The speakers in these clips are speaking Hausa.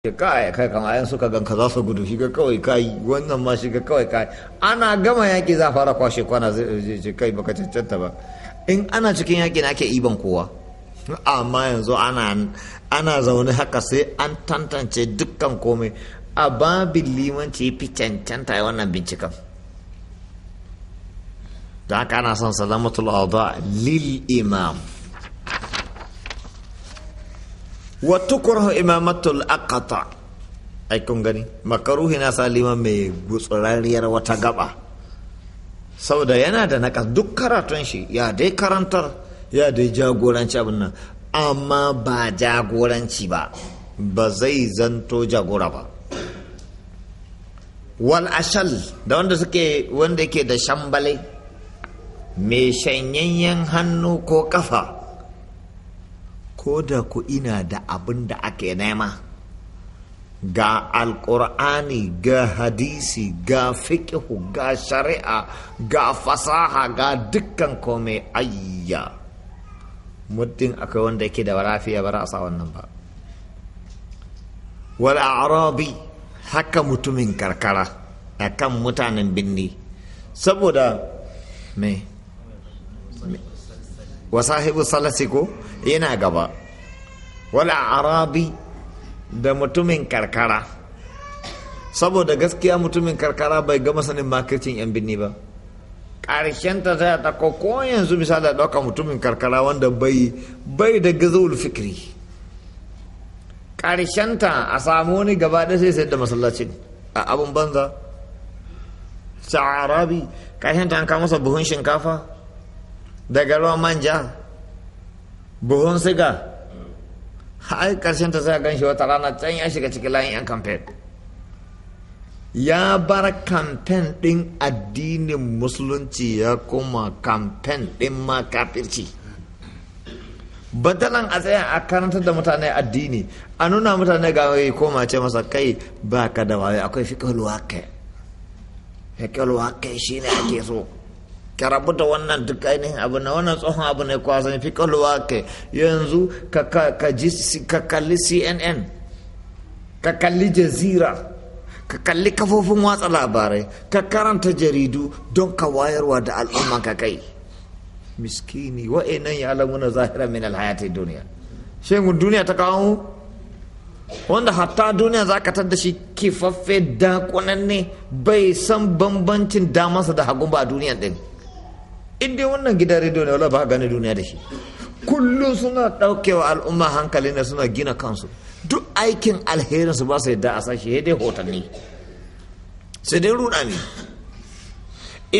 Ka kai kai kama yan suka ganka za su gudu shiga kawai kai wannan ma shiga kawai kai ana gama yaki za fara kwashe kwana zai kai baka cancanta ba in ana cikin yaki na ke iban kowa amma yanzu ana zaune haka sai an tantance dukkan komai a babin limanci fi cancanta ya wannan binciken da haka ana son salamatul adha lil imam wa tukrahu imamatul Akata, ai kun gani makaruhi na salima mai gutsurariyar wata gaba saboda yana da naka duk karatun shi ya dai karantar ya dai jagoranci abin nan amma ba jagoranci ba ba zai zanto jagora ba wal ashal da wanda suke wanda yake da shambale mai shanyayyen hannu ko kafa ko da ku ina da abin da ake nema ga alkur'ani ga hadisi ga fiƙihu ga shari'a ga fasaha ga dukkan kome ayya muddin akwai wanda yake da lafiya ba sa wannan ba wal arabi haka mutumin karkara A kan mutanen binni saboda me wasahibu salasi ko yana gaba wala arabi da mutumin karkara saboda gaskiya mutumin karkara bai gama sanin makircin yan binni ba ta za ta ko yanzu misali da ɗauka mutumin karkara wanda bai bai da gazul fikri ta a samu wani gaba da sai sai da masallacin a abin banza sa'arabi ta an kawo masa buhun shinkafa daga ruwan manja buhun siga ai karshen ta sai gan shi wata rana can ya shiga cikin layin yan kamfen ya bar kamfen din addinin musulunci ya kuma kamfen din ma kafirci badalan a tsaya a karantar da mutane addini a nuna mutane ga wai koma ce masa kai ba ka da waye akwai fiqhul kai shine ake so ka rabuta wannan duk ainihin abu na wannan tsohon abu ne kwasan fi kalluwa ke yanzu ka kalli cnn ka kalli jazira ka kalli kafofin watsa labarai ka karanta jaridu don ka wayarwa da al'umma ka kai miskini nan ya alamuna zahira min alhayati duniya shegun duniya ta kawo wanda hatta duniya za ka tadda shi kifaffe dakunan ne bai san bambancin damansa da hagun ba a duniya din in dai wannan gida rediyo ne wala ba gane duniya da shi kullum suna daukewa al'umma hankali ne suna gina kansu duk aikin alherin su ba su yadda a sashi dai hotanni sai dai ruɗa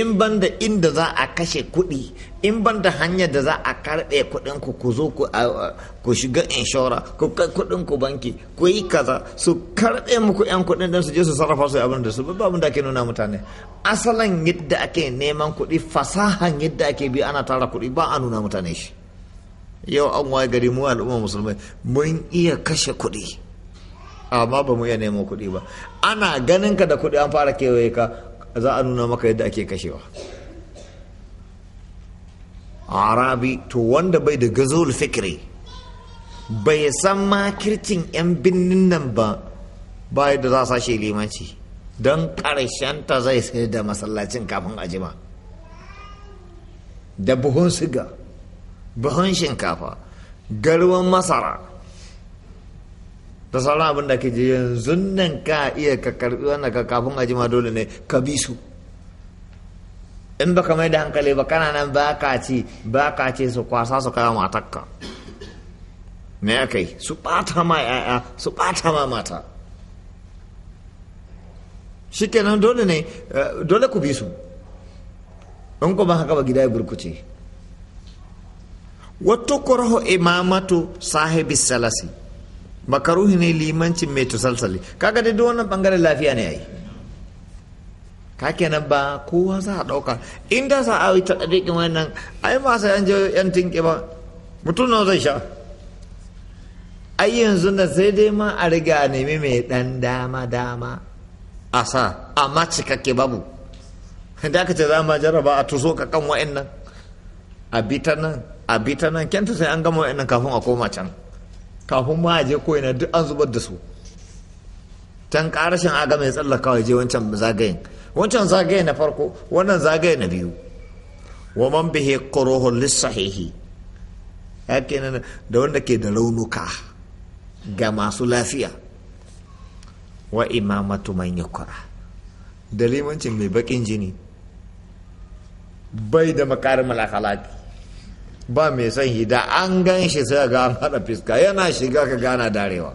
in banda inda za a kashe kuɗi in ban da hanyar da za a karɓe kuɗin ku ku zo ku shiga inshora ku kai kuɗin ku banki ku yi kaza su karɓe muku yan kuɗin don su je su sarrafa su abin da su ba abin da ke nuna mutane asalan yadda ake neman kuɗi fasahan yadda ake bi ana tara kuɗi ba a nuna mutane shi yau an waye gari mu al'umma musulmai mun iya kashe kuɗi amma ba mu iya neman kuɗi ba ana ganin ka da kuɗi an fara kewaye ka za a nuna maka yadda ake kashewa arabi to wanda bai da gazul fikri bai san ma kircin 'yan birnin nan ba bai da za sashe limanci don ta zai sai da masallacin kafin ajima da buhun siga buhun shinkafa garwan masara da sauran abin da ke yanzu nan ka iya ka karbi wannan ka kafin ajima dole ne ka bi su in baka mai da hankali ba kana nan ba ka ci ba ka ce su kwasa su kawo matakka me aka yi su bata ma 'ya'ya su bata ma mata kenan dole ne eh, dole ku bi su in kuma haka ba gida ya burkuce wato koraho imamatu sahibi salasi makaruhi ne limancin mai tusalsali kaga dai duk wannan bangaren lafiya ne yayi ka kenan ba kowa za a ɗauka in da sa a yi ta ɗaɗiƙin wannan ai ba sai an je yan tinƙi ba mutum nawa zai sha ai yanzu na sai dai ma a riga a nemi mai ɗan dama dama a sa amma cikakke babu da aka ce za ma jarraba a tuso ka kan nan a bi ta nan a bi ta nan kyanta sai an gama wa'annan kafin a koma can kafin ma a je koyina duk an zubar da su tan karashin aga mai tsallakawa je wancan zagayen wancan zagaye na farko wannan zagaye na biyu wa man bihi quruhun lissahihi ya nan da wanda ke da raunuka ga masu lafiya wa imamatu man yakura da limancin mai bakin jini bai da makarin malakalaki ba mai son hida an gan shi sai ga an hada fiska yana shiga ka gana darewa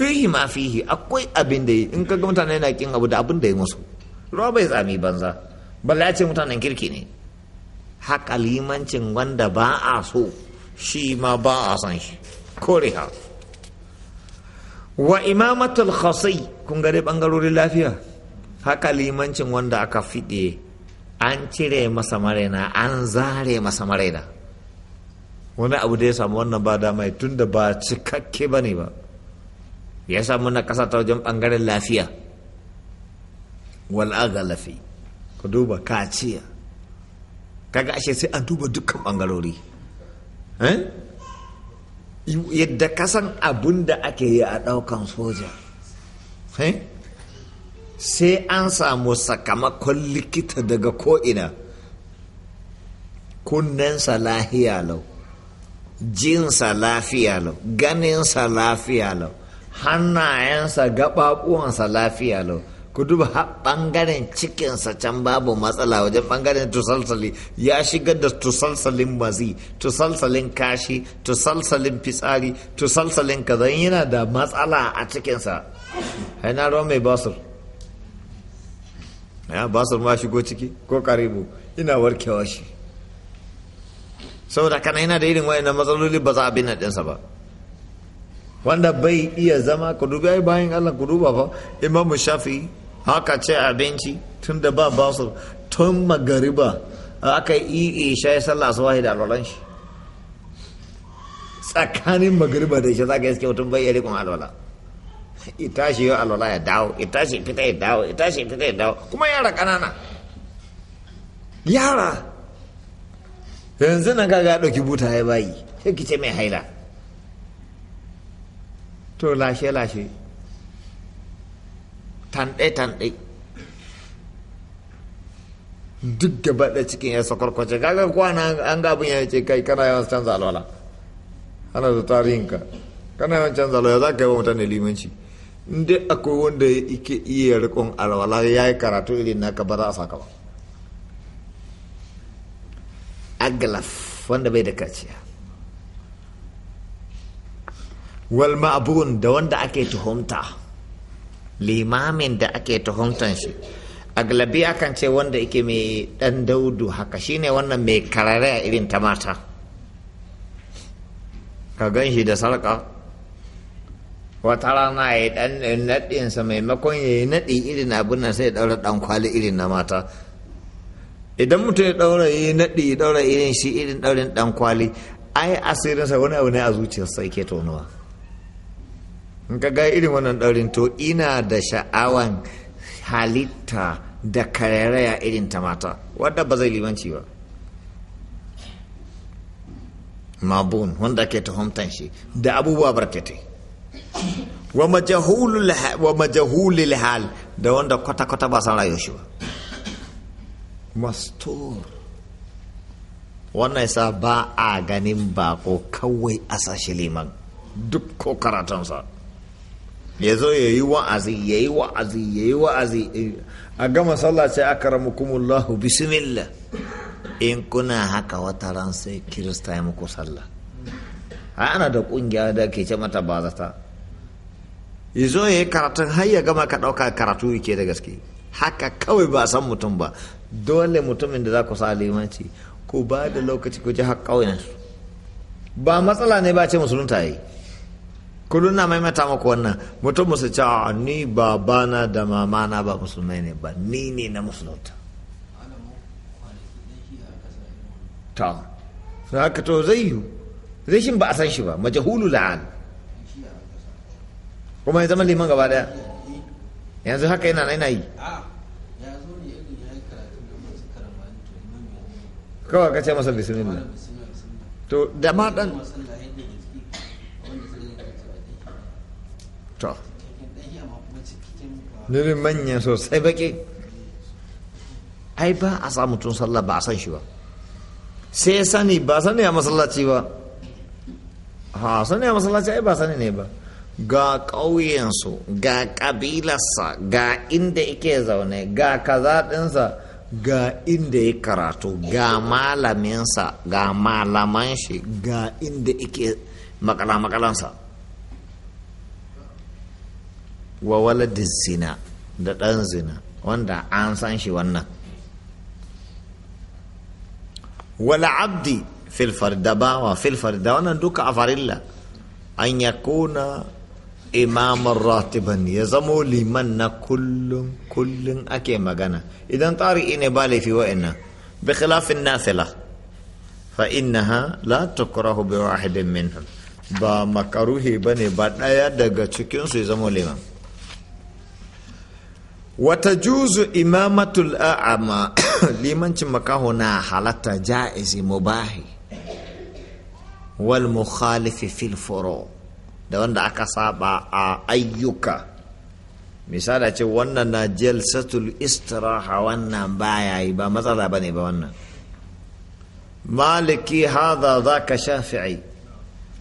fihi ma fihi akwai abin da yi in ga mutane yana kin abu da abin da ya musu ruwa bai tsami banza balla ya ce mutanen kirki ne haka limancin wanda ba a so shi ma ba a san shi kore ha wa imamatul khasai kun gare bangarorin lafiya haka limancin wanda aka fiɗe an cire masa maraina an zare masa maraina wani abu da ya samu wannan ba dama tun da ba cikakke ba ne ba ya sa muna ƙasa ta wajen ɓangaren lafiya agalafi ka duba kaciya kaga ashe sai a duba dukkan bangarori yadda kasan abun da ake yi a ɗaukan soja sai an samu sakamakon likita daga ko'ina kunnensa lahiya lau jinsa lafiya lau ganinsa lafiya hannayensa gaɓaɓuwansa lafiya lau ku duba ɓangaren cikinsa can babu matsala wajen ɓangaren tusalsali ya shigar da tusalsalin mazi tusalsalin kashi tusalsalin fitsari tusalsalin kaza yana da matsala a cikinsa haina ruwan mai basur ya basur ma shigo ciki ko karibu ina warkewa shi saboda kana yana da irin wayannan matsaloli ba za a bi ɗinsa ba wanda bai iya zama ku dubi ai bayan Allah ku duba fa imamu shafi haka ce abinci tun da ba basur tun magariba aka yi isha ya sallah suwahi da alwalan shi tsakanin magariba da isha za iske yi mutum bai iya rikon alwala ita shi yau alwala ya dawo ita shi fita ya dawo ita shi fita ya dawo kuma yara kanana yara yanzu nan kaga ya dauki buta ya bayi sai ki ce mai haila to lashe-lashe tanɗe-tanɗe duk gaba da cikin ya sakwarkwace kaga na an gabin ya ce kai kana yawan canza alwala ana da tarihin ka kana yawan canza alwala za ka yi wa mutane limanci inda akwai wanda ya ike iya rikon alwala ya yi karatu irin ka ba za a saka ba agalaf wanda bai da kaciya wal ma'burun da wanda ake tuhumta limamin da ake tuhumtan shi a galabi akan ce wanda yake mai dan daudu haka shine wannan mai karare a irin ta mata ka gan shi da sarka wata rana ya dan naɗinsa maimakon ya yi naɗi irin abin nan sai ya ɗaura dan kwali irin na mata idan mutum ya ɗaura yi naɗi ya ɗaura irin shi irin ɗaurin dan kwali ai asirinsa wani abu ne a zuciyarsa yake tonuwa in ka ga irin wannan ɗaurin to ina da sha'awan halitta da karairaya irin ta mata wadda ba zai limanci ba mabun wanda ke tuhumtan shi da abubuwa barkatai wa majahulul hal da wanda kwata-kwata ba san rayuwar shi ba mastur wannan yasa ba a ganin bako kawai a sashi liman duk ko karatunsa ya zo ya yi wa'azi ya yi wa'azi ya yi wa'azi a gama sallah sai aka ramukumullahu bismillah in kuna haka wata ran sai kirista ya muku sallah a ana da kungiya da ke ce mata bazata ya zo ya yi karatun har ya gama ka ɗauka karatu yake da gaske haka kawai ba san mutum ba dole mutumin da za ku sa limanci ku ba da lokaci ku ji har ba matsala ne ba ce musulunta yi kullum na maimaita maku wannan mutum musu ce ni babana da mamana ba musulmai ne ba ni ne na musulunta ta su haka to zai yiwu, zai shi ba a san shi ba majahulu la'an kuma ya zama liman gaba daya yanzu haka yana na yi kawai ka ce masa bismillah to da ma dan to nurin manya sosai baki ai ba a sa mutum sallah ba a san shi ba sai sani ba sani a masallaci ba ha sani a masallaci ai ba sani ne ba ga ƙauyensu ga ƙabilarsa ga inda yake zaune ga kaza ɗinsa ga inda ya karatu ga malaminsa ga malaman shi ga inda yake makala-makalansa wa waladin zina da ɗan zina wanda an san shi wannan wala abdi filfar da bawa filfar da wannan duka a farilla an ya kona imaman ratiban ya zamo liman na kullum kullum ake magana idan tsari ne ba laifi wa'annan bi khilafin nafila fa innaha la tukrahu bi wahidin minhum ba makaruhi bane ba daya daga cikin su ya zamo liman wata juzu imamatul a'ama limancin makaho na halatta ja'izi mubahi wal mukhalifi fil furo da wanda aka saba a ayyuka misali ce wannan na jalsatul istiraha wannan baya yi ba matsala ba ne ba wannan maliki haza za ka shafi'i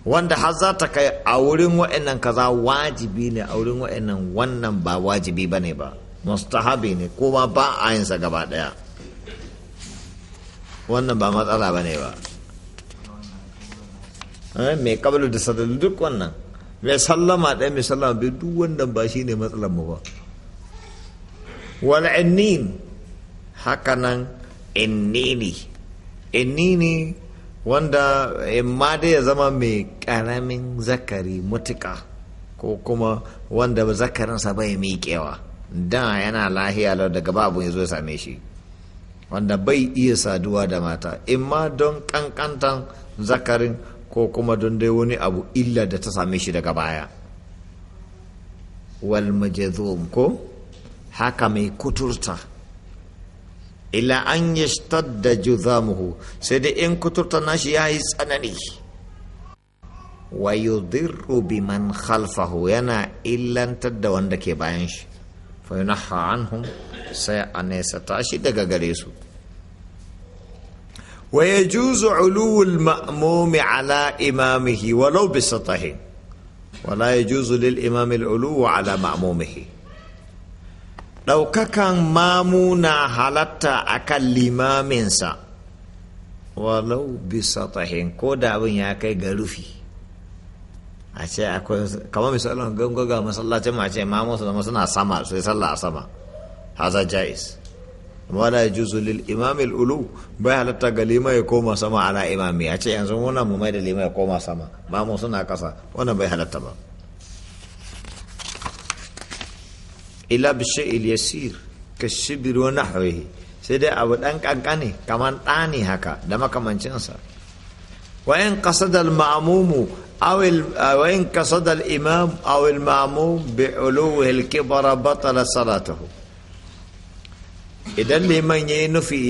wanda har za ta kai a wurin wa'annan kaza wajibi ne a wurin wa'annan wannan ba wajibi ba ne ba mustahabi ne kuma ba a yinsa gaba ɗaya wannan ba matsala ba ne ba eh, mai kabalu da sadar duk wannan mai sallama ɗaya mai sallama biyu duk wannan ba shi ne matsalar mu ba wal innin hakanan innini innini wanda imma dai ya zama mai ƙaramin zakari mutuka ko kuma wanda zakarinsa bai miƙewa da yana lahiya lau daga babu ya zo ya same shi wanda bai iya saduwa da mata in ma don kankantan zakarin ko kuma don dai wani abu illa da ta same shi daga baya wal majazum ko haka mai kuturta ila an yi da juzamuhu sai dai in kuturta nashi ya yi tsanani wa yudirru bi man khalfahu yana illantar da wanda ke bayan shi fa yunahha anhum sai a nesa tashi daga gare su wa yajuzu ulul ma'mumi ala imamihi walau bi satahin wala yajuzu lil imami al ala ma'mumihi ɗaukakan mamu na halatta a kan limaminsa walau bisa tahin ko da abin ya kai ga rufi a ce akwai kamar misalin gangoga masallacin ma ce mamu su zama suna sama su yi sallah a sama haza jais amma la yajuzu lil imam ulu bai halatta ga lima ya koma sama ana imami a ce yanzu wannan mu mai da lima ya koma sama mamu suna kasa wannan bai halatta ba ila bi shay'il yasir ka shibir wa nahwihi sai dai abu dan kankane kamar ɗani haka da makamancinsa wa in qasada al ma'mumu أو أو إن قصد الإمام أو المأموم بعلوه الكبر بطل صلاته إذا لمن ينفي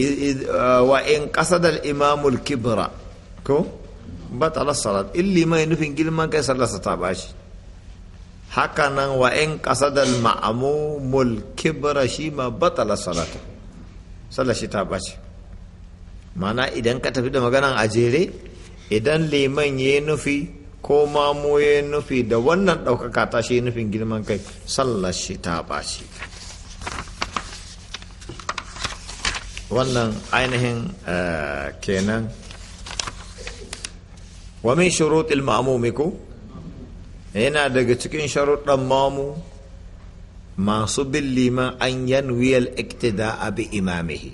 وإن قصد الإمام الكبر كو بطل الصلاة اللي ما ينفي إنجيل ما كسر لستاباش هكذا وإن قصد المأموم الكبر شيما بطل الصلاة صلاة شتاباش معناه إذا كتب ده مجانا أجيري إذا لمن ينفي ko ma mu nufi da wannan ɗaukaka ta shi nufin girman kai sallar shi ta ɓaci wannan ainihin eh, kenan wa min shuruɗil ma'amumi ko yana daga cikin sharuɗan mamu masu bin liman an wiyal iktida'a bi imamihi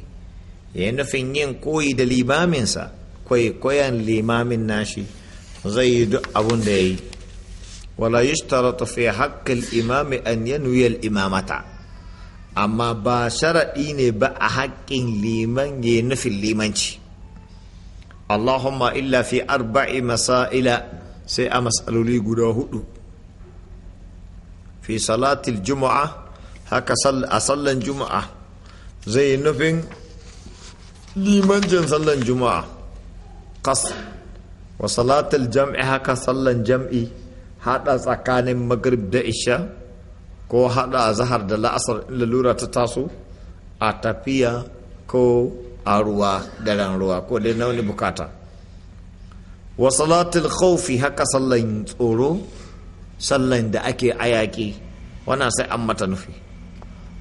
ya nufin yin koyi da limaminsa kwaikwayon limamin nashi zai yi duk abun da ya yi wala yushtaratu fi haqqil imami an yanwi imamata amma ba sharaɗi ne ba a haƙƙin liman ya nufin limanci Allahumma illa fi arba'i masaila sai a matsaloli guda hudu fi salatil juma'a haka a sallan juma'a zai nufin limancin sallan juma'a kas wa salatul jam'i haka sallan jam'i hada tsakanin magrib da isha ko hada zahar da la'asar lalura ta taso a tafiya ko a ruwa daren ruwa ko dai na wani bukata wa salatul khawfi haka sallan tsoro sallan da ake ayaki wannan sai an mata nufi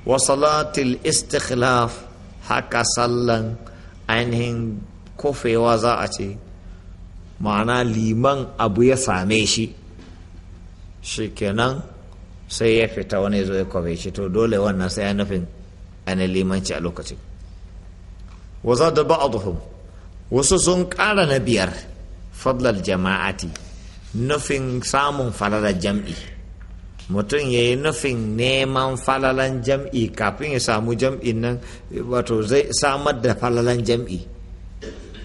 wa salatul istikhlaf haka sallan ainihin kofewa za a ce ma'ana liman abu ya same shi shikenan sai ya fita wani zo ya kwabe shi to dole wannan sai ya nufin ana limanci a lokacin waza da ba'aduhum wasu sun ƙara na biyar fadlal jama'ati nufin samun falalar jam'i mutum ya yi nufin neman falalan jam'i kafin ya samu jam'in nan wato zai samar da falalan jam'i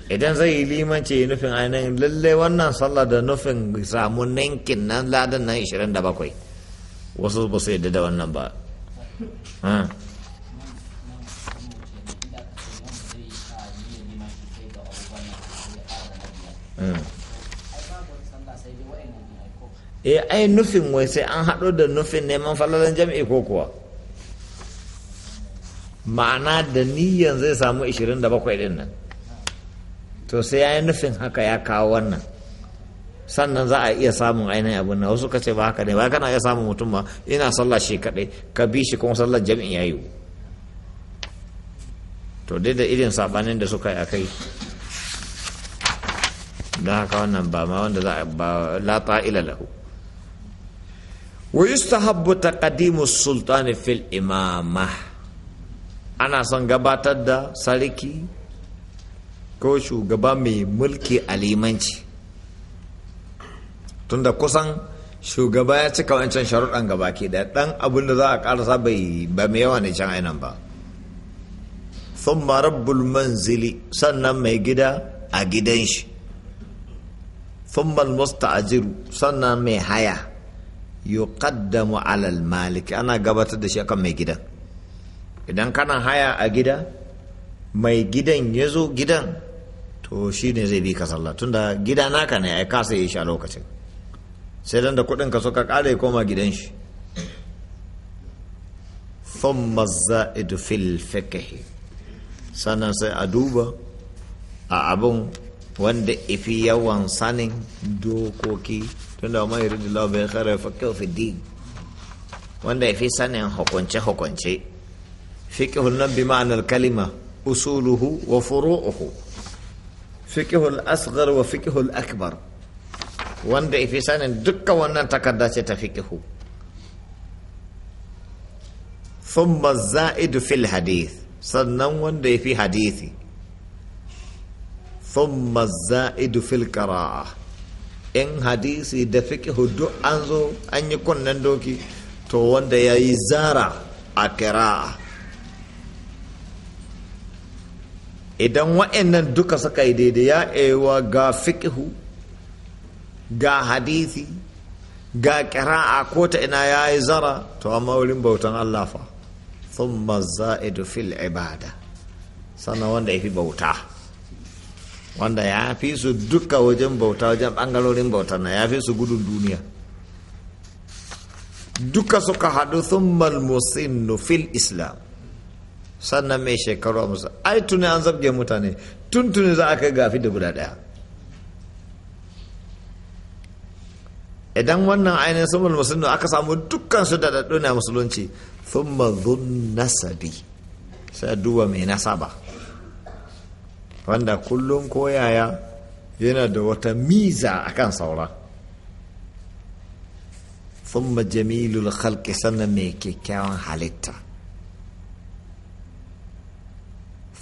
idan zai yi limanci nufin ainihin lallai wannan sallah da nufin samu ninkin nan ladan nan 27 wasu ba su yadda da wannan ba e ai nufin wai sai an haɗo da nufin neman falalan jam'i ko kuwa ma'ana da niyan zai samu 27 din nan to sai ya yi nufin haka ya kawo wannan sannan za a iya samun ainihin abin na wasu kace ba haka ne ba kana iya samun mutum ba ina sallah shi kadai ka bi shi kuma sallar jami'in ya yi to dai da irin sabanin da suka yi a kai don haka wannan ba ma wanda za a ba la ta'ila lahu wa ta kadimu sultani fil imama? ana son gabatar da sarki ko shugaba mai mulki a limanci tunda kusan shugaba ya cika wancan sharuɗan ke da ɗan abin da za a ƙarasa bai ba mai yawa ne can ainihin ba sun rabbul manzili sannan mai gida a gidan shi sun musta'ajiru sannan mai haya yuqaddamu alal maliki ana gabatar da shi akan mai gidan idan kana haya a gida mai gidan ya zo gidan to shi ne zai bi ka sallah tunda gida naka ne ai kasa yi shi a lokacin sai dan da kuɗin ka suka ƙara koma gidan shi thumma za'idu fil fiqh sannan sai a duba a abun wanda ifi yawan sanin dokoki tunda mai ridi la bai khara faqihu fi din wanda ifi sanin hukunce hukunce fiqhun nan bi ma'anar kalima usuluhu wa furu'uhu fiqhul asghar wa fiqhul akbar wanda ifi sanin dukkan wannan takarda ce ta fiqhu thumma za'idu fil hadith sannan wanda yafi hadisi thumma za'idu fil qira'ah in hadisi da fiqhu duk an zo an yi kunnen doki to wanda yayi zara a qira'a idan wa'annan duka suka yi daidai ya ewa ga fiƙihu ga hadithi ga ƙira'a ko ta ina ya yi zara to amma wurin bautan Allah fa thumma za'idu fil ibada sannan wanda ya fi bauta wanda ya fi su duka wajen bauta wajen ɓangarorin bauta na ya fi su gudun duniya duka suka haɗu sun malmusin fil islam sannan mai shekaru a musa ai tuni an zabge mutane tun tuni za a kai gafi da guda daya idan wannan ainihin sumul musulmi aka samu dukkan su da daɗu na musulunci thumma dhun nasabi sai duba mai nasaba wanda kullum koyaya yana da wata miza a kan saura thumma jamilul khalqi sannan mai kyakkyawan halitta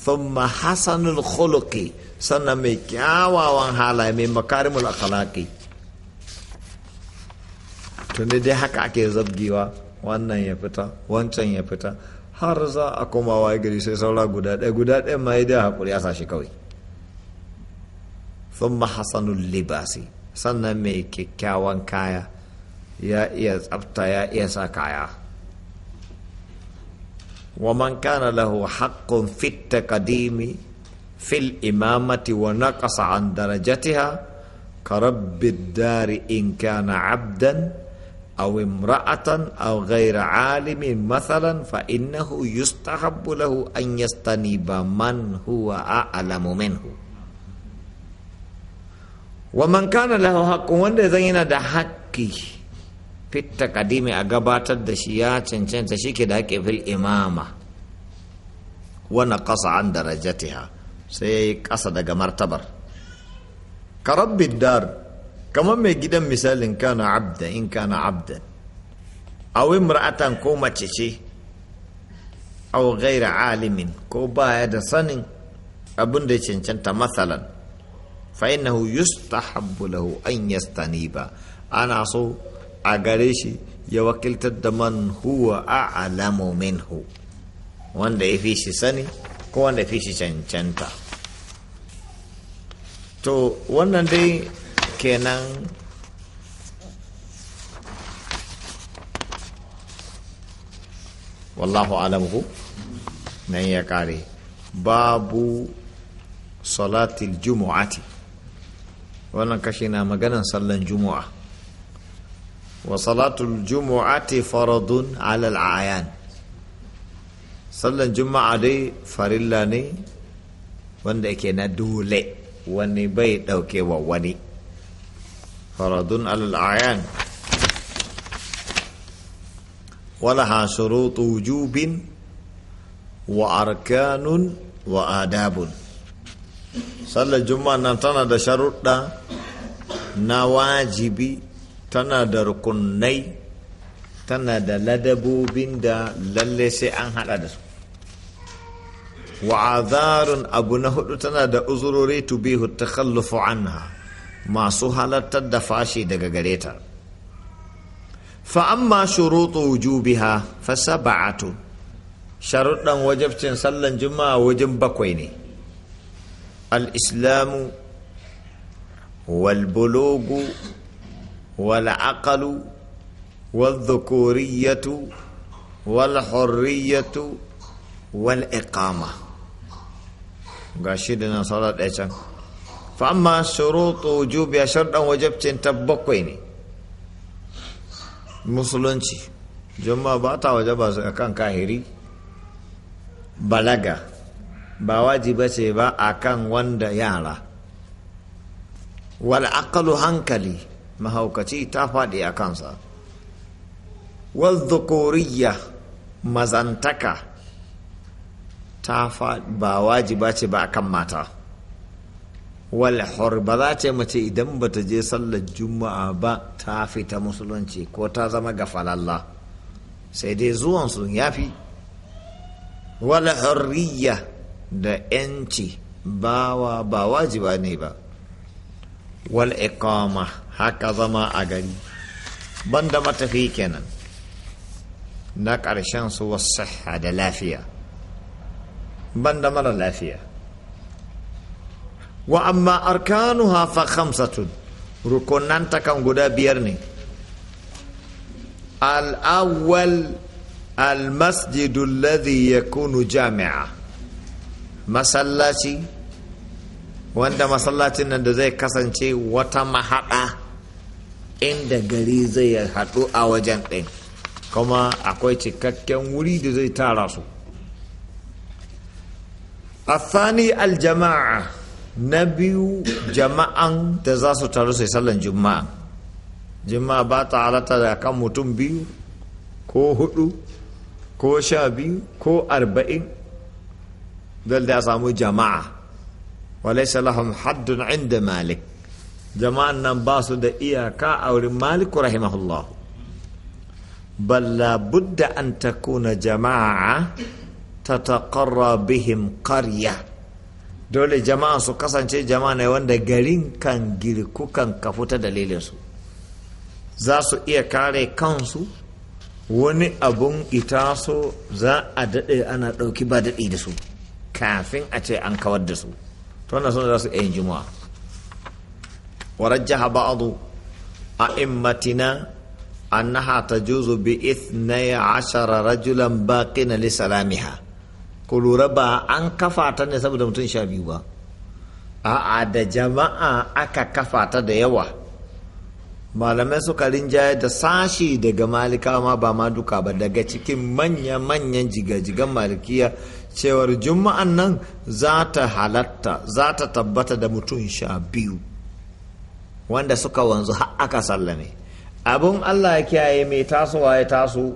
thumma hasanul khuluqi sannan mai kyawawan halaye mai makarimul akhlaqi tunda dai haka ake zabgewa wannan ya fita wancan ya fita har za a koma waye gari sai saura guda ɗaya guda ɗaya ma yi da haƙuri a sashi kawai thumma hasanul libasi sannan mai kyakkyawan kaya ya iya tsafta ya iya sa kaya ومن كان له حق في التقديم في الإمامة ونقص عن درجتها كرب الدار إن كان عبدا أو امرأة أو غير عالم مثلا فإنه يستحب له أن يستنيب من هو أعلم منه ومن كان له حق وندى زينة ده fitta kadimi a gabatar da shi ya cancanta shi ke da ake fil imama wani ƙasa an darajatiha sai ya yi ƙasa daga martabar karabbin dar kamar mai gidan misalin kana abda in kana abda awin mura'atan ko mace ce au gaira alimin ko baya da sanin abin da ya cancanta masalan fa'inahu yustahabbu lahu an yastaniba ana so a gare shi ya wakiltar da man huwa a a'lamu minhu wanda ya fi shi sani ko wanda ya fi shi cancanta to wannan dai kenan wallahu alamhu nan ya kare babu salatil jumu'ati wannan kashi na maganan sallan jumu'a وصلاة الجمعة فرض على العيان صلاة الجمعة دي فرلاني وان دي كينا دولي واني بيت او كي وواني فرض على العيان ولها شروط وجوب وأركان وآداب صلاة الجمعة نتنا دا شروط دا نواجبي tana da rukunai tana da ladabobin da lalle sai an hada da su wa'azarun abu na hudu tana da uzurori tubihu takhallufu anha masu halartar da fashi daga gare ta fa amma shurutu wujubiha fa sab'atu sharuɗan wajabcin sallan juma'a wajen bakwai ne al-islamu wal wala aqalu wal dukuriyatu wal horiyatu wal iqama nga shi da na sauran ɗaya can fa ma soro to ju shan ɗan ta bakwai ne musulunci Juma'a ba ta waje ba su akan kahiri balaga ba waji ce ba a kan wanda yara wala aqalu hankali mahaukaci ta faɗi a kansa wadda mazantaka ta ba wajiba ce ba a kan mata wal ba za ce mace idan ba ta je sallar juma'a ba ta fita musulunci ko ta zama ga falalla sai dai zuwansu ya fi wal da 'yanci bawa ba wajiba ne ba wal haka zama a gari banda matafi kenan na ƙarshen su wasu da lafiya banda mara lafiya wa amma arkanuha fa khamsatun rukunanta kan guda biyar ne al-awwal al ya kunu jami'a masallaci wanda masallacin nan da zai kasance wata mahaɗa inda gari zai haɗu a wajen ɗin kuma akwai cikakken wuri da zai tara su al aljama'a na biyu jama'an da za su taru sai sallan juma'a juma'a ba ta halatta da kan mutum biyu ko hudu ko sha biyu ko arba'in dole da samu jama'a walai salahun haddun inda malik jama'an nan ba su da iyaka a wurin maliku rahimahullah balla budda an takuna jama'a ta taƙarra bihim ƙarya dole jama'a su kasance jama'a ne wanda garin kan girku kan kafu ta dalilinsu za su iya kare kansu wani abun ita so za a daɗe ana ɗauki ba daɗi da su kafin a ce an kawar da su to wannan za su iya yin juma'a waraja haba adu a imatina an naha ta juzu bi is naya rajulan baki na lisa lamiha ku ba an kafa ta ne saboda mutum sha biyu ba a a da jama'a aka kafa ta da yawa malamai suka rinja da sashi daga malika ma ba ma duka ba daga cikin manyan jiga jigajigan malikiya cewar juma'an nan za ta halatta za ta tabbata da mutum sha biyu wanda suka wanzu har aka sallame abun allah ya kiyaye mai tasowa ya taso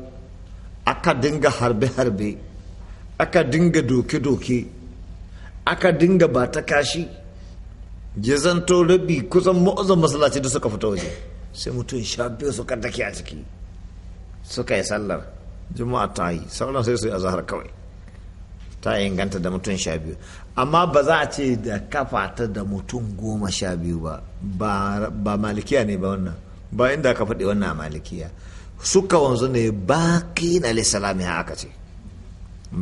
aka dinga harbe-harbe aka dinga doke-doke aka dinga ba ta kashi jizanto rabi kusan ma'azin masallaci da suka fita waje sai mutum sha biyu suka a ciki suka yi sallar juma'a ta yi sauran sai su yi a zahar kawai ta inganta da mutum sha biyu amma ba za a ce da kafa ta da mutum goma sha biyu ba ba malikiya ne ba wannan ba inda ka faɗi wannan a malikiya suka wanzu ne baki na lissalami aka ce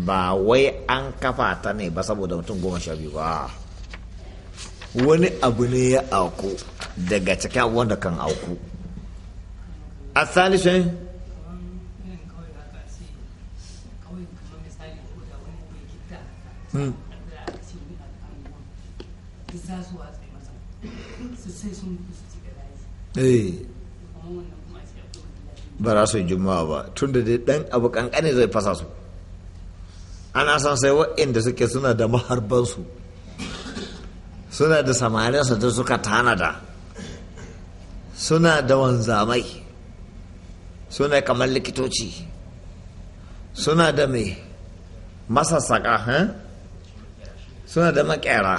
ba wai an kafa ta ne ba saboda mutum goma sha biyu ba wani abu ne ya auku daga cikin wanda kan auku a salishin Hmm. Eh. ba za su yi juma'a ba tun da dai dan abu kankane zai fasa su ana san sai waɗanda suke suna da maharbansu suna da samarinsa da suka tanada suna da wanzamai suna kamar likitoci suna da mai masasaka eh? suna da makera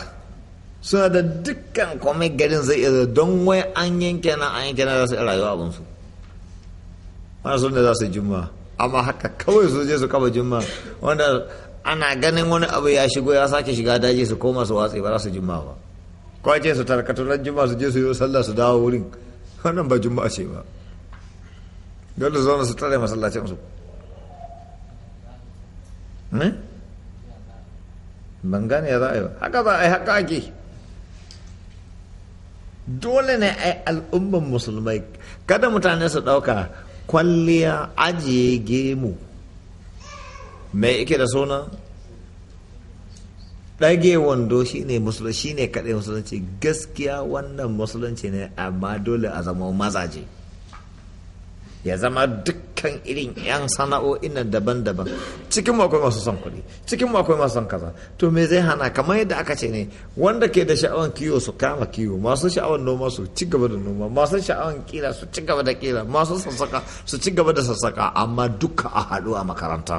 suna da dukkan komai garin zai iya don wai an yanke na an yanke na za su yi rayuwa abinsu wanda sun da za su juma amma haka kawai su je su kaba juma wanda ana ganin wani abu ya shigo ya sake shiga daji su koma su watsi ba za su juma ba kwace su tarkatu ran juma su je su yi sallah su dawo wurin wannan ba juma ce ba dole zauna su tare masallacin su ne hmm? ban gane za a yi haka za a eh, yi haka ake dole ne a yi eh, al'umman musulmai kada mutane su ɗauka kwalliya ajiye gemu mai ike da suna ɗage wando shine musulunci shine kaɗai musulunci gaskiya wannan musulunci ne amma dole a zama mazaje. ya zama dukkan irin 'yan sana'o'in nan daban-daban cikin mu akwai masu son kuɗi cikin mu akwai masu son kaza to me zai hana kamar yadda aka ce ne wanda ke da sha'awar kiwo su kama kiwo masu sha'awar noma su ci gaba da noma masu sha'awar kila su ci gaba da kila masu sassaka su ci gaba da sassaka amma duka a haɗu a makaranta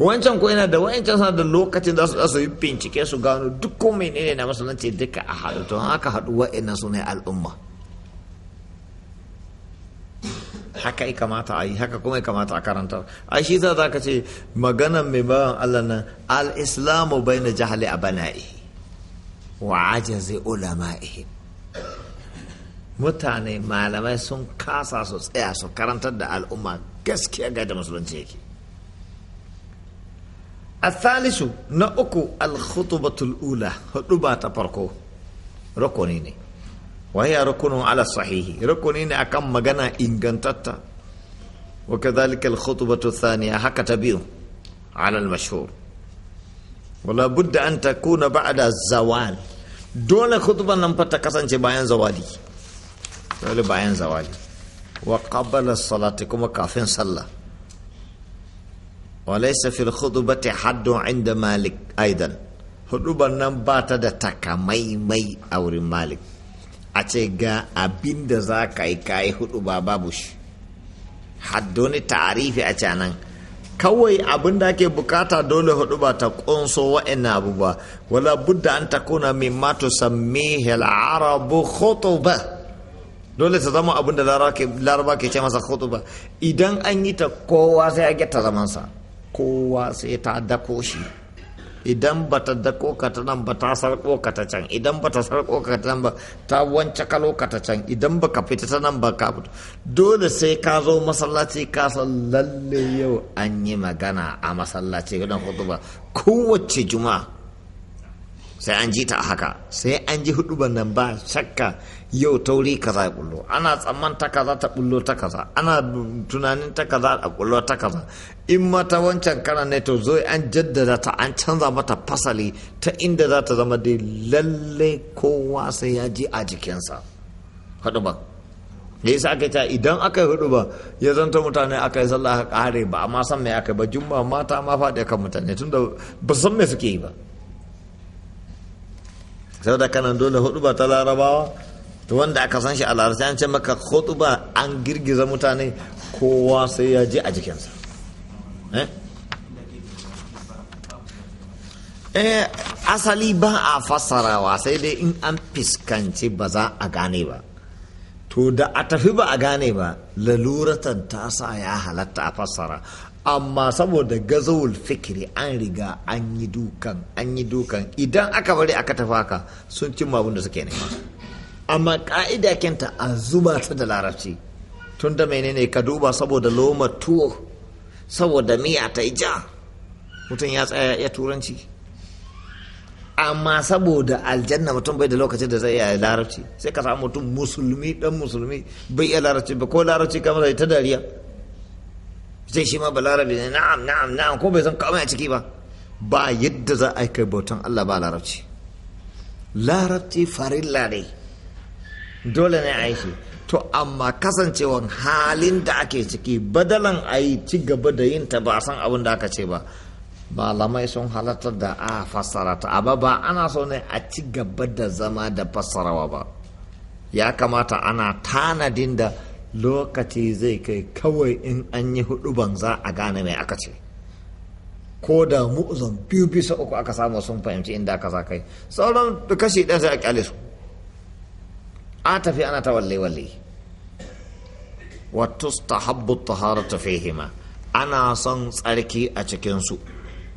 wancan ko yana da wancan sana da lokacin da su su yi bincike su gano duk ko menene na masu nan ce duka a haɗu to haka haɗu wa'annan su ne al'umma haka ya kamata a yi haka kuma ya kamata a karantar a shi za ka ce maganan mai bawan Allah na. al-islamu baina jahli abana'i wa ajazi ulama'i mutane malamai sun kasa su tsaya su karantar da al'umma gaskiya ga da musulunci yake الثالث نأكو الخطبة الأولى خطبة فرقو ركنيني وهي ركن على الصحيح ركن أكم مغنى إن قنتت وكذلك الخطبة الثانية هكا تبيو على المشهور ولا بد أن تكون بعد الزوال دون خطبة نمبتا كسان باين زوالي دول باين زوالي وقبل الصلاة كما كافين صلى وليس في الخطبة حد عند مالك أيضا خطبة نمبتا تكا مي مي أور مالك a ce ga abin da za ka yi kayi hudu ba babu shi haddoni tarifi a canan kawai abin da ake bukata dole hudu ba ta kunso wa'annan abu ba wala budda an ta kuna min mato sami al hoto ba dole ta zama abin da laraba ke ce masa ba idan an yi ta kowa sai a geta zamansa kowa sai ta dako shi idan bata dako da kokata nan ba ta sarko ka can idan ba sarko ka ta nan ba ta wance kalo can idan baka fita ta nan ba ka fito dole sai ka zo masallaci ka san lalle yau an yi magana a masallaci gidan hutuba kowace juma'a sai an ji ta a haka sai an ji hudu nan ba shakka yau tauri kaza ya bullo ana tsamman ta kaza ta bullo ta kaza ana tunanin ta kaza a bullo ta kaza in mata wancan kana ne to zo an jaddada ta an canza mata fasali ta inda za ta zama dai lalle kowa sai ya ji a jikinsa hudu ya yi aka ta idan aka yi hudu ya zanta mutane aka yi sallah kare ba amma san me aka yi ba jumma mata ma faɗi kan mutane tunda ba san me suke yi ba saboda kanan dole hudu ba ta larabawa to wanda aka san shi a larabci an ce maka hudu ba an girgiza mutane kowa sai ya je a jikinsa eh? eh asali ba a fassarawa sai dai in an fiskanci ba za a gane ba to da a tafi ba a gane ba laluratan ta sa ya halatta a fassara amma saboda gazawul fikiri an riga an yi dukan an yi dukan idan aka bari aka tafaka sun cin abin da suke nema amma ka'ida kenta a zuba ta da larabci tun da menene ka duba saboda loma tuwo saboda miya ta ja mutum ya tsaya ya turanci amma saboda aljanna mutum bai da lokacin da zai iya larabci sai ka samu mutum musulmi dan musulmi bai iya larabci ba ko larabci kamar ta dariya sai shi ma balarabe ne na'am na'am na'am ko bai san komai a ciki ba ba yadda za a kai bautan Allah ba larabci larabci farin ne dole ne a to amma kasancewan halin da ake ciki badalan a yi ci gaba da yin ta ba san abin da aka ce ba malamai sun halartar da a fassara ta a ba ana so ne a ci gaba da zama da fassarawa ba ya kamata ana tanadin da lokaci zai kai kawai in an yi hudu ban a gane mai aka ce ko da mu'uzan biyu bisa uku aka samu sun fahimci inda aka sa kai sauran da kashi ɗan sai a kyale su a tafi ana ta walle walle wato stahabbu ta fahima ana son tsarki a cikinsu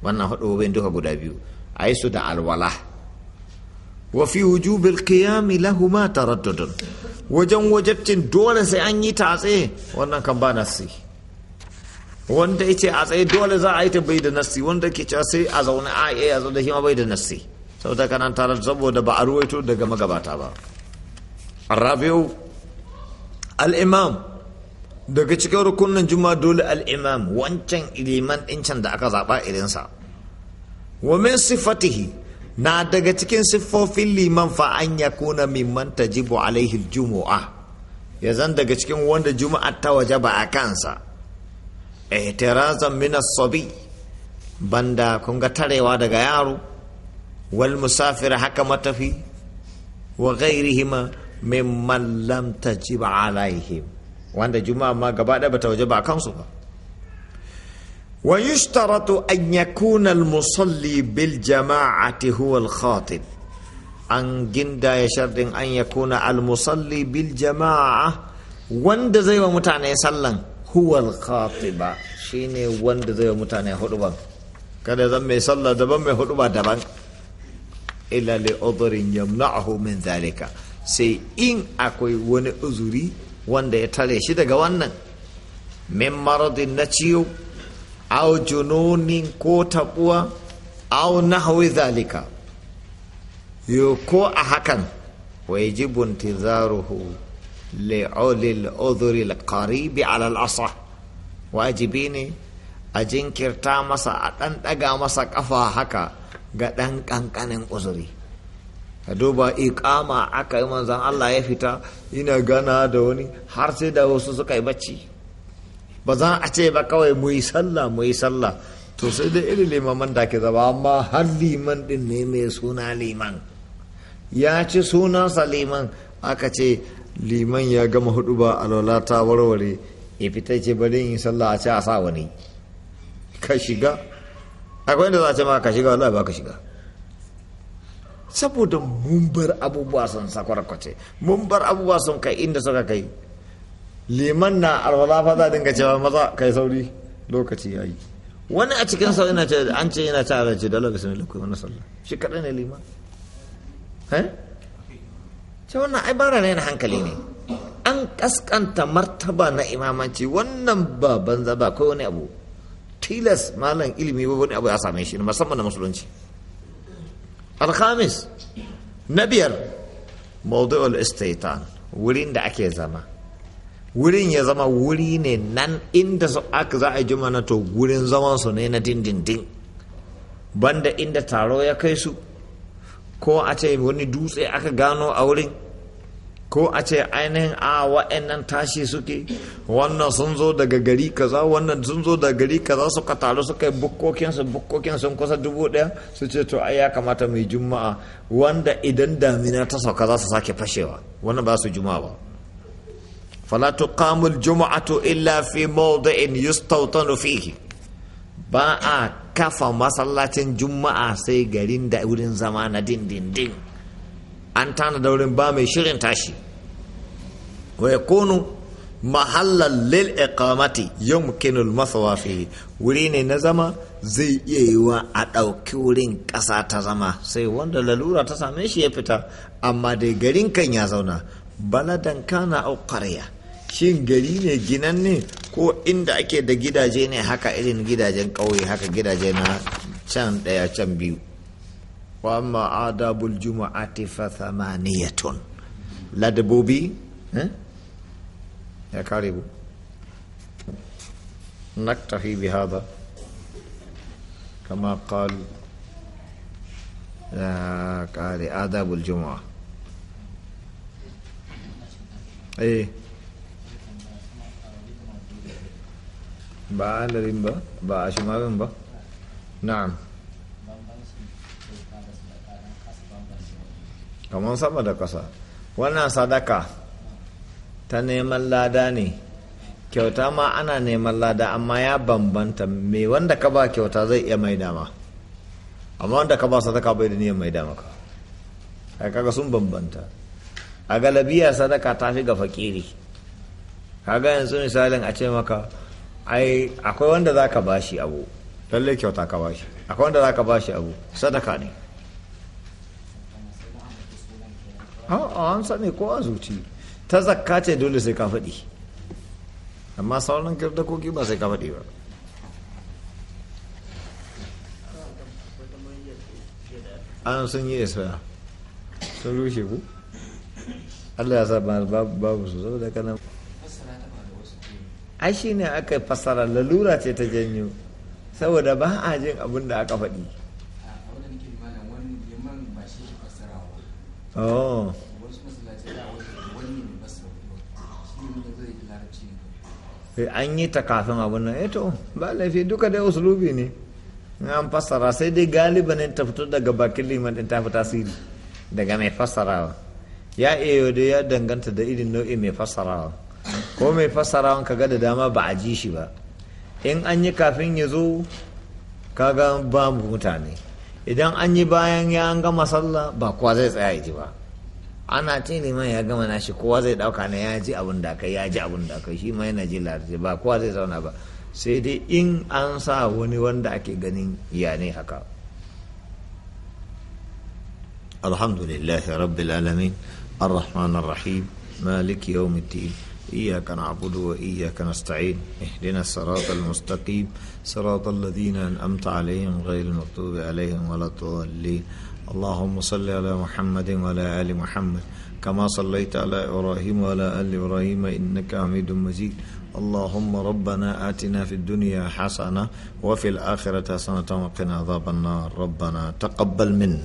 wannan hudubin duka guda biyu a yi su da alwala Wafi fi wujubil qiyami lahuma taraddudun wajen wajabcin dole sai an yi ta tsaye wannan kan ba nasi wanda ya ce a tsaye dole za a yi ta bai da nasi wanda ke cewa sai a zaune a iya a zaune shima bai da nasi saboda kana tare saboda ba a ruwaito daga magabata ba rabiu al daga cikin rukunin juma dole al wancan iliman ɗincan da aka zaɓa irinsa wa min sifatihi na daga cikin siffofin liman fa an ya kuna mimman jibo alaihi jumu'a ya zan daga cikin wanda juma'a ta waje ba a kansa ihtirazan min sabi banda kun ga tarewa daga yaro wal musafir haka matafi wa ghairihima mimman lam tajib alaihim wanda juma'a ma gaba ɗaya bata waje ba a kansu ba ويشترط أن bil المصلي بالجماعة هو الخاطب an gindaya sharɗin an ya kuna almusalli bil jama'a wanda zai wa mutane sallan huwal khatiba shine wanda zai wa mutane huduban kada zan mai sallah daban mai huduba daban illa li udhrin yamna'uhu min zalika sai in akwai wani uzuri wanda ya tare shi daga wannan min maradin na ciwo au jununi kotaɓuwa au nahwi zalika ko a hakan wajibun tizaruhu li'ulil uzuri alqaribi ala al'asa wajibi ne a jinkirta masa a ɗan ɗaga masa ƙafa haka ga ɗan ƙanƙanin uzuri ka duba iƙama aka yi manzan allah ya fita ina gana da wani har sai da wasu suka yi bacci ba za a ce ba kawai mu yi sallah mu yi sallah to sai da irin limaman da ke zaba amma har liman din ne mai suna liman ya ci sunansa liman aka ce liman ya gama hudu ba alwala ta warware ya fita ce bari yin sallah a ce a sa wani ka shiga akwai inda za a ce ma ka shiga wallahi ba ka shiga saboda mun bar abubuwa sun sakwarkwace mun bar abubuwa sun kai inda suka kai liman na alwala fa za dinga cewa maza kai sauri lokaci ya yi wani a cikin sauri na ce an ce yana ta ce da Allah bismillah ku wani sallah shi kadai ne liman eh ce wannan ai bara na hankali ne an kaskanta martaba na imamanci wannan ba banza ba kai wani abu tilas malam ilimi ba wani abu ya same shi musamman na musulunci alhamis na biyar mawdu'ul istaitan wurin da ake zama wurin ya zama wuri ne nan inda aka za a yi na to wurin zaman su ne na dindindin banda inda taro ya kai su ko a ce wani dutse aka gano a wurin ko a ce ainihin a wa'annan tashi suke wannan sun zo daga gari kaza wannan sun zo daga gari kaza ka taru suka yi su bukkokin sun kusa dubu ɗaya su ce to ai ya kamata mai juma'a wanda idan damina ta sauka za su sake fashewa wannan ba su juma'a ba fala tuqamu aljum'atu illa fi mawdi'in yustawtanu fihi ba a kafa masallacin juma'a sai garin da wurin zama na dindindin an tana da wurin ba mai shirin tashi Wai kunu mahallan lil iqamati yumkinul masawa fihi wuri ne na zama zai iya yiwa a ɗauki wurin ƙasa ta zama sai wanda lalura ta same shi ya fita amma dai garin kan ya zauna baladan kana au shin gari ne ginan ne ko inda ake da gidaje ne haka irin gidajen ƙauye haka gidaje na can ɗaya can biyu wa amma adabul juma'ati fa thamaniyatun ladabobi eh? ya kare bu naktahi bi hada kama qalu ya kare adabul juma'a eh ba alarin ba ba a shimarin ba na'am kamar sama da ƙasa wannan sadaka ta neman lada ne kyauta ma ana neman lada amma ya bambanta me wanda ka ba kyauta zai iya mai dama amma wanda ka ba sadaka bai da niyan mai dama ka kaga sun bambanta a galabiya sadaka ta fi ga fakiri kaga yanzu misalin a ce maka ai akwai wanda za ka ba shi abu lallai kyauta ka ba shi akwai wanda za ka ba shi abu sadaka ne an sani ko a zuci ta zakka ce dole sai ka faɗi amma sauran ko ba sai ka faɗi ba an sun yi isa sun rushe ku allah ya sa babu su saboda kanan ai shi ne aka fassara lalura ce ta janyo saboda ba a jin abin da aka faɗi oh. eh, an yi ta kafin abin nan eto eh, ba laifi duka dai usulubi ne an fassara sai dai galiba ne ta fito daga bakin liman din ta fi tasiri daga mai fassarawa ya yau da ya danganta da irin nau'i mai fassarawa ko mai fassarawan ga da dama ba a ji shi ba in an yi kafin ya zo kaga mu mutane idan an yi bayan ya an gama sallah ba kowa zai tsaya ji ba ana ce ya gama nashi kowa zai dauka na ya ji abin da kai ya ji abin da kai shi ma yana ji larabci ba kowa zai zauna ba sai dai in an sa wani wanda ake ganin ya ne haka alhamdulillah rabbil alamin الرحمن الرحيم مالك يوم الدين إياك نعبد وإياك نستعين اهدنا الصراط المستقيم صراط الذين أنأمت عليهم غير المغضوب عليهم ولا الضالين اللهم صل على محمد وعلى آل محمد كما صليت على إبراهيم وعلى آل إبراهيم إنك حميد مجيد اللهم ربنا آتنا في الدنيا حسنة وفي الآخرة حسنة وقنا عذاب النار ربنا تقبل منا